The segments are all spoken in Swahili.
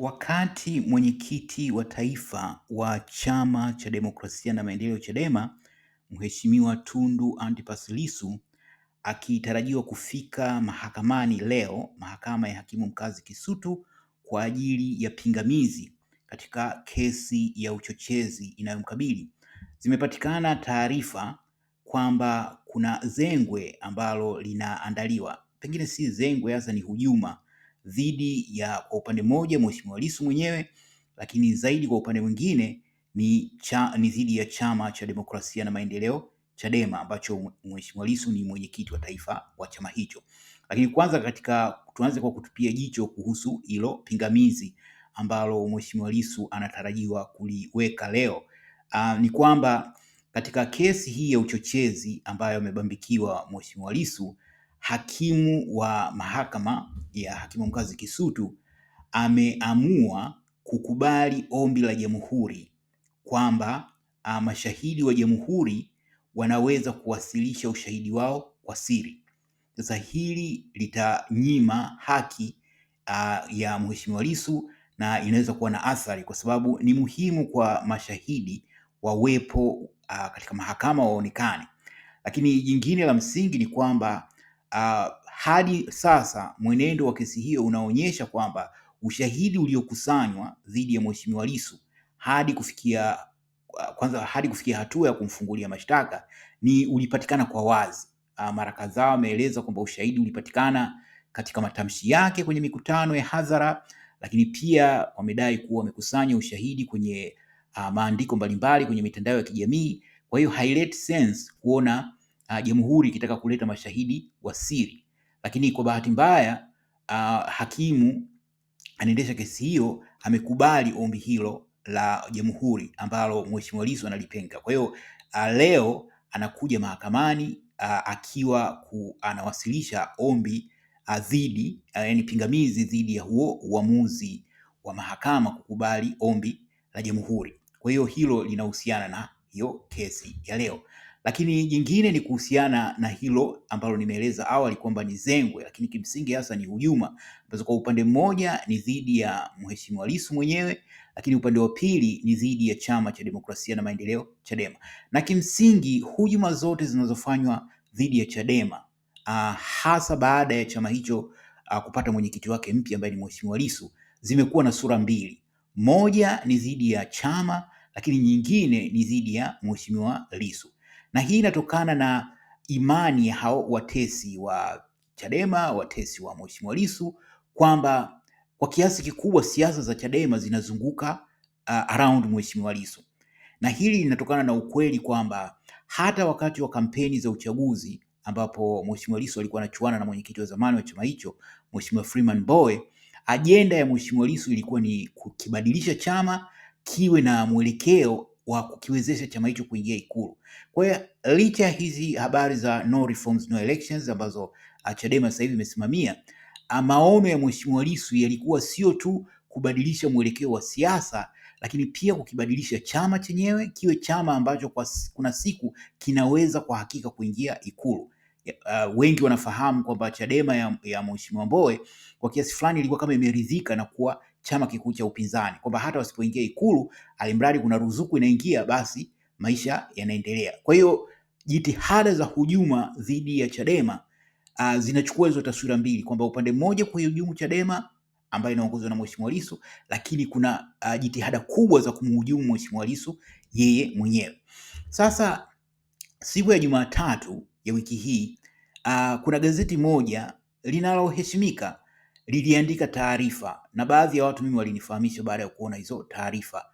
Wakati mwenyekiti wa taifa wa Chama cha Demokrasia na Maendeleo Chadema, Mheshimiwa Tundu Antipas Lissu akitarajiwa kufika mahakamani leo, mahakama ya hakimu mkazi Kisutu kwa ajili ya pingamizi katika kesi ya uchochezi inayomkabili, zimepatikana taarifa kwamba kuna zengwe ambalo linaandaliwa, pengine si zengwe, hasa ni hujuma dhidi ya kwa upande mmoja Mheshimiwa Lissu mwenyewe, lakini zaidi kwa upande mwingine ni cha, ni dhidi ya chama cha demokrasia na maendeleo Chadema ambacho Mheshimiwa Lissu ni mwenyekiti wa taifa wa chama hicho. Lakini kwanza katika tuanze kwa kutupia jicho kuhusu hilo pingamizi ambalo Mheshimiwa Lissu anatarajiwa kuliweka leo. Uh, ni kwamba katika kesi hii ya uchochezi ambayo amebambikiwa Mheshimiwa Lissu hakimu wa mahakama ya hakimu mkazi Kisutu ameamua kukubali ombi la jamhuri kwamba ah, mashahidi wa jamhuri wanaweza kuwasilisha ushahidi wao kwa siri. Sasa hili litanyima haki a, ah, ya Mheshimiwa Lissu na inaweza kuwa na athari, kwa sababu ni muhimu kwa mashahidi wawepo a, ah, katika mahakama waonekane. Lakini jingine la msingi ni kwamba uh, hadi sasa mwenendo wa kesi hiyo unaonyesha kwamba ushahidi uliokusanywa dhidi ya Mheshimiwa Lissu hadi kufikia kwanza hadi kufikia hatua ya kumfungulia mashtaka ni ulipatikana kwa wazi. Ah, mara kadhaa wameeleza kwamba ushahidi ulipatikana katika matamshi yake kwenye mikutano ya hadhara, lakini pia wamedai kuwa wamekusanya ushahidi kwenye uh, maandiko mbalimbali kwenye mitandao ya kijamii. Kwa hiyo haileti sense kuona uh, jamhuri ikitaka kuleta mashahidi wa siri, lakini kwa bahati mbaya uh, hakimu anaendesha kesi hiyo amekubali ombi hilo la jamhuri ambalo mheshimiwa Lissu analipenga. Kwa hiyo uh, leo anakuja mahakamani uh, akiwa ku, anawasilisha ombi dhidi uh, yani pingamizi dhidi ya huo uamuzi wa mahakama kukubali ombi la jamhuri. Kwa hiyo hilo linahusiana na hiyo kesi ya leo. Lakini jingine ni kuhusiana na hilo ambalo nimeeleza awali kwamba ni zengwe, lakini kimsingi hasa ni hujuma ambazo kwa upande mmoja ni dhidi ya Mheshimiwa Lissu mwenyewe, lakini upande wa pili ni dhidi ya Chama cha Demokrasia na Maendeleo, Chadema. Na kimsingi hujuma zote zinazofanywa dhidi ya Chadema uh, hasa baada ya chama hicho uh, kupata mwenyekiti wake mpya ambaye ni Mheshimiwa Lissu zimekuwa na sura mbili, moja ni dhidi ya chama, lakini nyingine ni dhidi ya Mheshimiwa Lissu na hii inatokana na imani ya hao watesi wa Chadema, watesi wa Mheshimiwa Lissu kwamba kwa kiasi kikubwa siasa za Chadema zinazunguka uh, around Mheshimiwa Lissu, na hili linatokana na ukweli kwamba hata wakati wa kampeni za uchaguzi ambapo Mheshimiwa Lissu alikuwa anachuana na mwenyekiti wa zamani wa chama hicho Mheshimiwa Freeman Mbowe, ajenda ya Mheshimiwa Lissu ilikuwa ni kukibadilisha chama kiwe na mwelekeo wa kukiwezesha chama hicho kuingia Ikulu. Kwa hiyo licha ya hizi habari za no reforms, no elections ambazo ah, Chadema sasa hivi imesimamia, ah, maono ya Mheshimiwa Lissu yalikuwa sio tu kubadilisha mwelekeo wa siasa, lakini pia kukibadilisha chama chenyewe kiwe chama ambacho kwa kuna siku kinaweza kwa hakika kuingia Ikulu. Uh, wengi wanafahamu kwamba Chadema ya, ya Mheshimiwa Mbowe kwa kiasi fulani ilikuwa kama imeridhika na kuwa chama kikuu cha upinzani, kwamba hata wasipoingia Ikulu, alimradi kuna ruzuku inaingia, basi maisha yanaendelea. Kwa hiyo jitihada za hujuma dhidi ya Chadema uh, zinachukua hizo taswira mbili, kwamba upande mmoja kuihujumu Chadema ambayo inaongozwa na Mheshimiwa Lissu, lakini kuna uh, jitihada kubwa za kumhujumu Mheshimiwa Lissu yeye mwenyewe. Sasa siku ya Jumatatu ya wiki hii uh, kuna gazeti moja linaloheshimika liliandika taarifa, na baadhi ya watu mimi walinifahamisha baada ya kuona hizo taarifa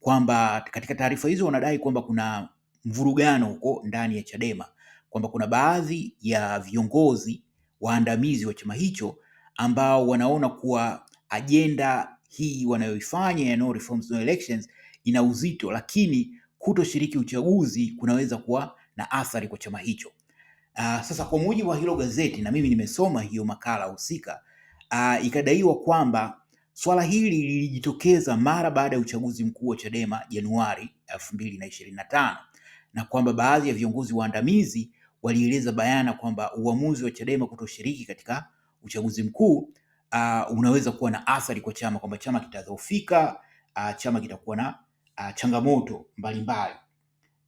kwamba katika taarifa hizo wanadai kwamba kuna mvurugano huko ndani ya Chadema, kwamba kuna baadhi ya viongozi waandamizi wa chama hicho ambao wanaona kuwa ajenda hii wanayoifanya ya no reforms no elections ina uzito, lakini kutoshiriki uchaguzi kunaweza kuwa na athari kwa chama hicho. Uh, sasa kwa mujibu wa hilo gazeti, na mimi nimesoma hiyo makala husika, uh, ikadaiwa kwamba swala hili lilijitokeza mara baada ya uchaguzi mkuu wa Chadema Januari elfu mbili na ishirini na tano na kwamba baadhi ya viongozi waandamizi walieleza bayana kwamba uamuzi wa Chadema kutoshiriki katika uchaguzi mkuu uh, unaweza kuwa na athari kwa chama, kwamba chama kitadhoofika, uh, chama kitakuwa na uh, changamoto mbalimbali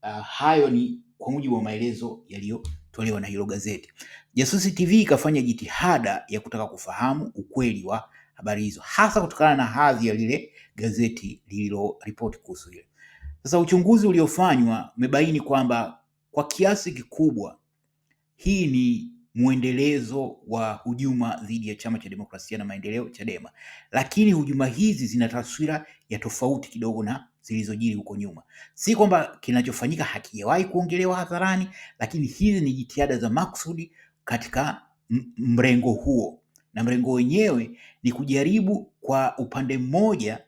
mbali. Uh, hayo ni kwa mujibu wa maelezo yaliyo yaliyotolewa na hilo gazeti. Jasusi TV ikafanya jitihada ya kutaka kufahamu ukweli wa habari hizo, hasa kutokana na hadhi ya lile gazeti lililoripoti kuhusu hilo. Sasa uchunguzi uliofanywa umebaini kwamba kwa kiasi kikubwa hii ni mwendelezo wa hujuma dhidi ya chama cha demokrasia na maendeleo Chadema, lakini hujuma hizi zina taswira ya tofauti kidogo na zilizojiri huko nyuma. Si kwamba kinachofanyika hakijawahi kuongelewa hadharani, lakini hizi ni jitihada za maksudi katika mrengo huo, na mrengo wenyewe ni kujaribu kwa upande mmoja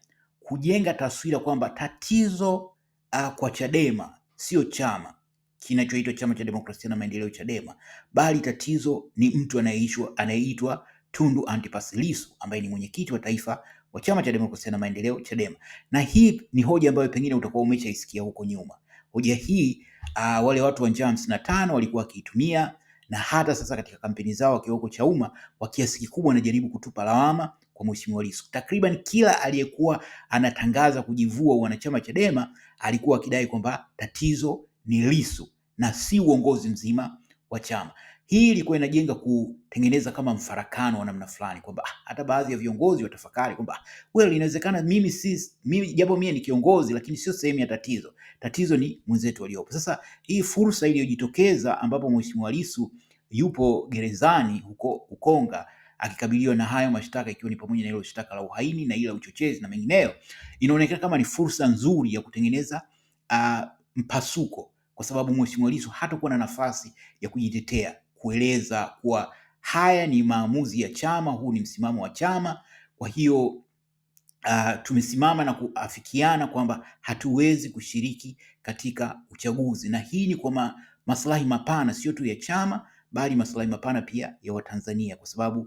kujenga taswira kwamba tatizo uh, kwa Chadema sio chama kinachoitwa Chama cha Demokrasia na Maendeleo, Chadema, bali tatizo ni mtu anayeitwa Tundu Antipas Lissu ambaye ni mwenyekiti wa taifa wa Chama cha Demokrasia na Maendeleo, Chadema. Na hii ni hoja ambayo pengine utakuwa umeshaisikia huko nyuma. Hoja hii uh, wale watu wa njaa hamsini na tano walikuwa wakiitumia na hata sasa katika kampeni zao wakiwa huko uma kwa kiasi kikubwa wanajaribu kutupa lawama kwa Mheshimiwa Lissu. Takriban kila aliyekuwa anatangaza kujivua wanachama Chadema alikuwa akidai kwamba tatizo ni Lissu na si uongozi mzima wa chama. Hii ilikuwa inajenga kutengeneza kama mfarakano wa namna fulani kwamba ah, hata baadhi ya viongozi watafakari kwamba ah, well, inawezekana mimi si mimi, japo mimi ni kiongozi, lakini sio sehemu ya tatizo. Tatizo ni mwenzetu aliyopo. Sasa hii fursa iliyojitokeza ambapo Mheshimiwa Lissu yupo gerezani huko Ukonga akikabiliwa na hayo mashtaka ikiwa ni pamoja na ile shtaka la uhaini na ile uchochezi na mengineyo, inaonekana kama ni fursa nzuri ya kutengeneza uh, mpasuko kwa sababu Mheshimiwa Lissu hatakuwa na nafasi ya kujitetea, kueleza kuwa haya ni maamuzi ya chama, huu ni msimamo wa chama. Kwa hiyo uh, tumesimama na kuafikiana kwamba hatuwezi kushiriki katika uchaguzi, na hii ni kwa ma, maslahi mapana sio tu ya chama, bali maslahi mapana pia ya Watanzania kwa sababu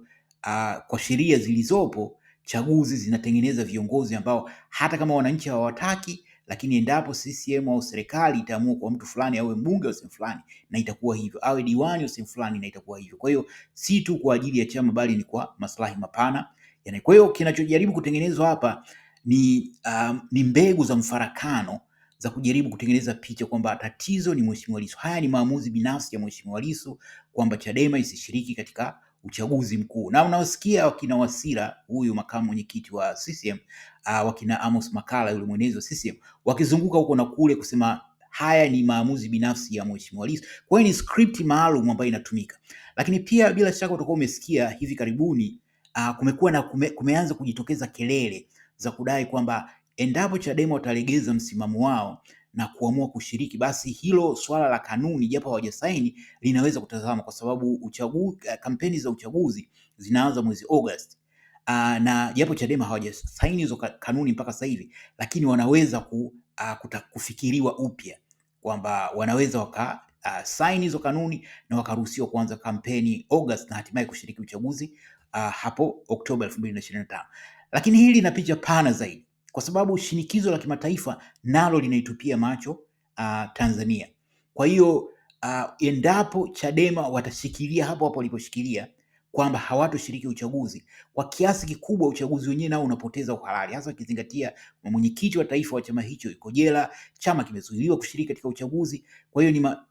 uh, kwa sheria zilizopo chaguzi zinatengeneza viongozi ambao hata kama wananchi hawawataki lakini endapo CCM au serikali itaamua kwa mtu fulani awe mbunge au sehemu fulani na itakuwa hivyo, awe diwani au sehemu fulani na itakuwa hivyo. Kwa hiyo si tu kwa ajili ya chama, bali ni kwa maslahi mapana. Yani, kwa hiyo kinachojaribu kutengenezwa hapa ni, um, ni mbegu za mfarakano za kujaribu kutengeneza picha kwamba tatizo ni Mheshimiwa Lissu. Haya ni maamuzi binafsi ya Mheshimiwa Lissu kwamba Chadema isishiriki katika uchaguzi mkuu. Na unaosikia wakina Wasira, huyu makamu mwenyekiti wa CCM uh, wakina Amos Makala yule mwenezi wa CCM wakizunguka huko na kule kusema haya ni maamuzi binafsi ya Mheshimiwa Lissu. Kwa hiyo ni script maalum ambayo inatumika, lakini pia bila shaka utakuwa umesikia hivi karibuni uh, kumekuwa na kume, kumeanza kujitokeza kelele za kudai kwamba endapo Chadema watalegeza msimamo wao na kuamua kushiriki, basi hilo swala la kanuni, japo hawajasaini, linaweza kutazama, kwa sababu uchaguzi, eh, kampeni za uchaguzi zinaanza mwezi Agosti uh, na japo Chadema hawajasaini hizo kanuni mpaka sasa hivi, lakini wanaweza ku, uh, kuta, kufikiriwa upya kwamba wanaweza waka uh, saini hizo kanuni na wakaruhusiwa kuanza kampeni August na hatimaye kushiriki uchaguzi uh, hapo Oktoba 2025. Lakini hili lina picha pana zaidi kwa sababu shinikizo la kimataifa nalo linaitupia macho uh, Tanzania. Kwa hiyo uh, endapo Chadema watashikilia hapo hapo waliposhikilia kwamba hawatoshiriki uchaguzi. Kwa kiasi kikubwa uchaguzi wenyewe nao unapoteza uhalali, hasa ukizingatia mwenyekiti wa taifa wa chama hicho iko jela, chama kimezuiliwa kushiriki katika uchaguzi. Kwa hiyo ni ma,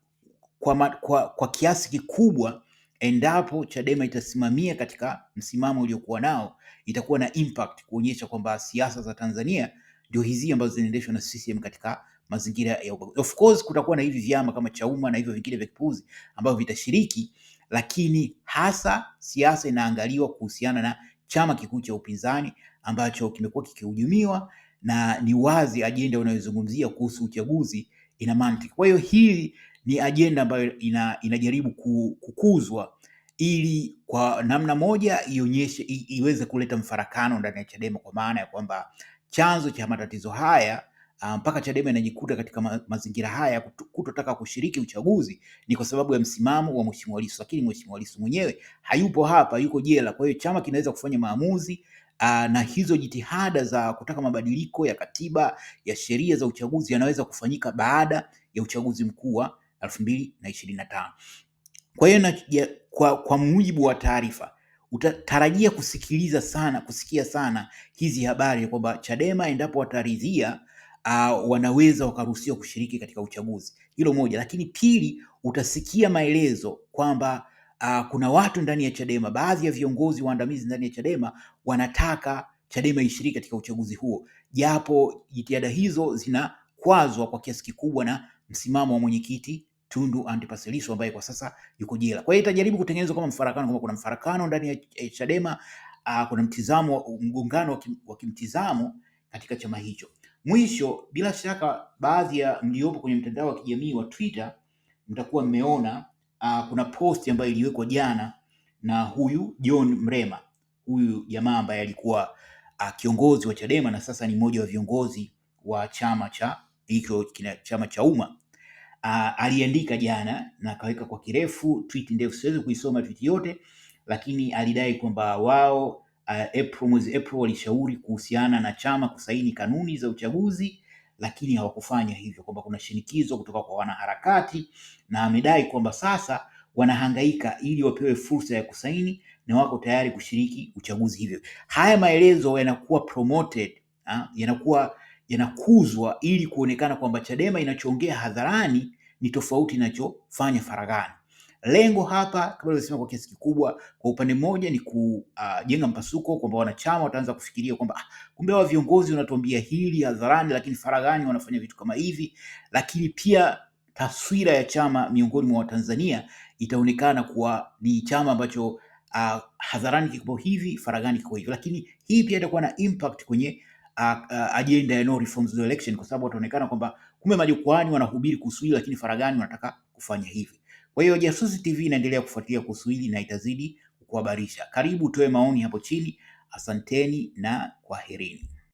kwa, ma, kwa, kwa kiasi kikubwa endapo Chadema itasimamia katika msimamo uliokuwa nao, itakuwa na impact kuonyesha kwamba siasa za Tanzania ndio hizi ambazo zinaendeshwa na CCM katika mazingira ya ubaguzi. Of course kutakuwa na hivi vyama kama Chauma na hivyo vingine vya kipuzi ambavyo vitashiriki lakini hasa siasa inaangaliwa kuhusiana na chama kikuu cha upinzani ambacho kimekuwa kikihujumiwa na ni wazi ajenda unayozungumzia kuhusu uchaguzi ina mantiki. Kwa hiyo hii ni ajenda ambayo ina, inajaribu kukuzwa ili kwa namna moja ionyeshe, iweze kuleta mfarakano ndani ya Chadema kwa maana ya kwamba chanzo cha matatizo haya Ah, mpaka Chadema inajikuta katika ma mazingira haya kutotaka kushiriki uchaguzi ni kwa sababu ya msimamo wa Mheshimiwa Lissu, lakini Mheshimiwa Lissu mwenyewe hayupo hapa, yuko jela. Kwa hiyo chama kinaweza kufanya maamuzi aa, ah, na hizo jitihada za kutaka mabadiliko ya katiba ya sheria za uchaguzi yanaweza kufanyika baada ya uchaguzi mkuu wa elfu mbili na na tano. Kwa hiyo kwa, kwa mujibu wa taarifa utatarajia kusikiliza sana kusikia sana hizi habari kwamba Chadema endapo wataridhia uh, wanaweza wakaruhusiwa kushiriki katika uchaguzi. Hilo moja, lakini pili, utasikia maelezo kwamba uh, kuna watu ndani ya Chadema, baadhi ya viongozi waandamizi ndani ya Chadema wanataka Chadema ishiriki katika uchaguzi huo, japo jitihada hizo zinakwazwa kwa kiasi kikubwa na msimamo wa mwenyekiti Tundu Antipas Lissu ambaye kwa sasa yuko jela. Kwa hiyo itajaribu kutengenezwa kama mfarakano, kama kuna mfarakano ndani ya e, Chadema, kuna mtizamo, mgongano wa kimtizamo katika chama hicho. Mwisho, bila shaka baadhi ya mliopo kwenye mtandao wa kijamii wa Twitter mtakuwa mmeona uh, kuna posti ambayo iliwekwa jana na huyu John Mrema, huyu jamaa ambaye alikuwa uh, kiongozi wa Chadema na sasa ni mmoja wa viongozi wa chama cha hicho chama cha umma. Uh, aliandika jana na akaweka kwa kirefu tweet ndefu, siwezi kuisoma tweet yote, lakini alidai kwamba wao Eh, April, mwezi April walishauri kuhusiana na chama kusaini kanuni za uchaguzi, lakini hawakufanya hivyo, kwamba kuna shinikizo kutoka kwa wanaharakati, na amedai kwamba sasa wanahangaika ili wapewe fursa ya kusaini na wako tayari kushiriki uchaguzi. Hivyo haya maelezo yanakuwa promoted, ah, yanakuwa yanakuzwa ili kuonekana kwamba Chadema inachoongea hadharani ni tofauti inachofanya faragani Lengo hapa kama nilivyosema, kwa kiasi kikubwa, kwa upande mmoja ni kujenga ah, uh, mpasuko kwamba wanachama wataanza kufikiria kwamba ah, kumbe hawa viongozi wanatuambia hili hadharani, lakini faraghani wanafanya vitu kama hivi, lakini pia taswira ya chama miongoni mwa Watanzania itaonekana kuwa ni chama ambacho uh, hadharani kiko hivi, faraghani kiko hivi, lakini hii pia itakuwa na impact kwenye Uh, uh, ah, ajenda ya no reforms no election kwa sababu wataonekana kwamba kumbe majukwani wanahubiri kuhusu hili, lakini faraghani wanataka kufanya hivi. Kwa hiyo Jasusi TV inaendelea kufuatilia kuhusu hili na itazidi kukuhabarisha. Karibu tuwe maoni hapo chini. Asanteni na kwaherini.